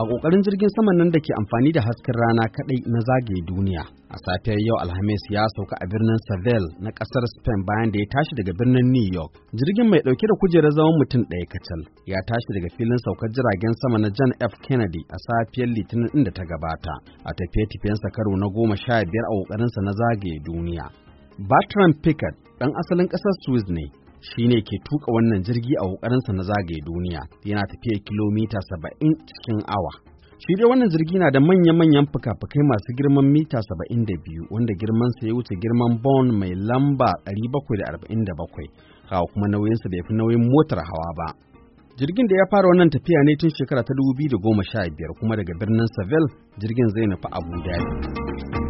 a ƙoƙarin jirgin saman nan da ke amfani da hasken rana kaɗai na zagaye duniya a safiyar yau alhamis ya sauka a birnin seville na ƙasar spain bayan da ya tashi daga birnin new york jirgin mai ɗauke da kujerar zaman mutum ɗaya kacal ya tashi daga filin saukar jiragen sama na john f kennedy a safiyar litinin inda da ta gabata a tafiye-tafiyensa karo na goma sha biyar a ƙoƙarinsa na zagaye duniya Bertrand Pickett ɗan asalin ƙasar Swiss ne shi ne ke tuka wannan jirgi a kokarinsa na zagaye duniya yana tafiya kilomita saba'in cikin awa shi dai wannan jirgi na da manya-manyan fuka-fukai masu girman mita saba'in da biyu wanda girmansa ya wuce girman bone mai lamba 747 hawa kuma nauyinsa bai fi nauyin motar hawa ba jirgin da ya fara wannan tafiya ne tun shekara ta 2015 kuma daga birnin Seville jirgin zai nufi Abu Dhabi.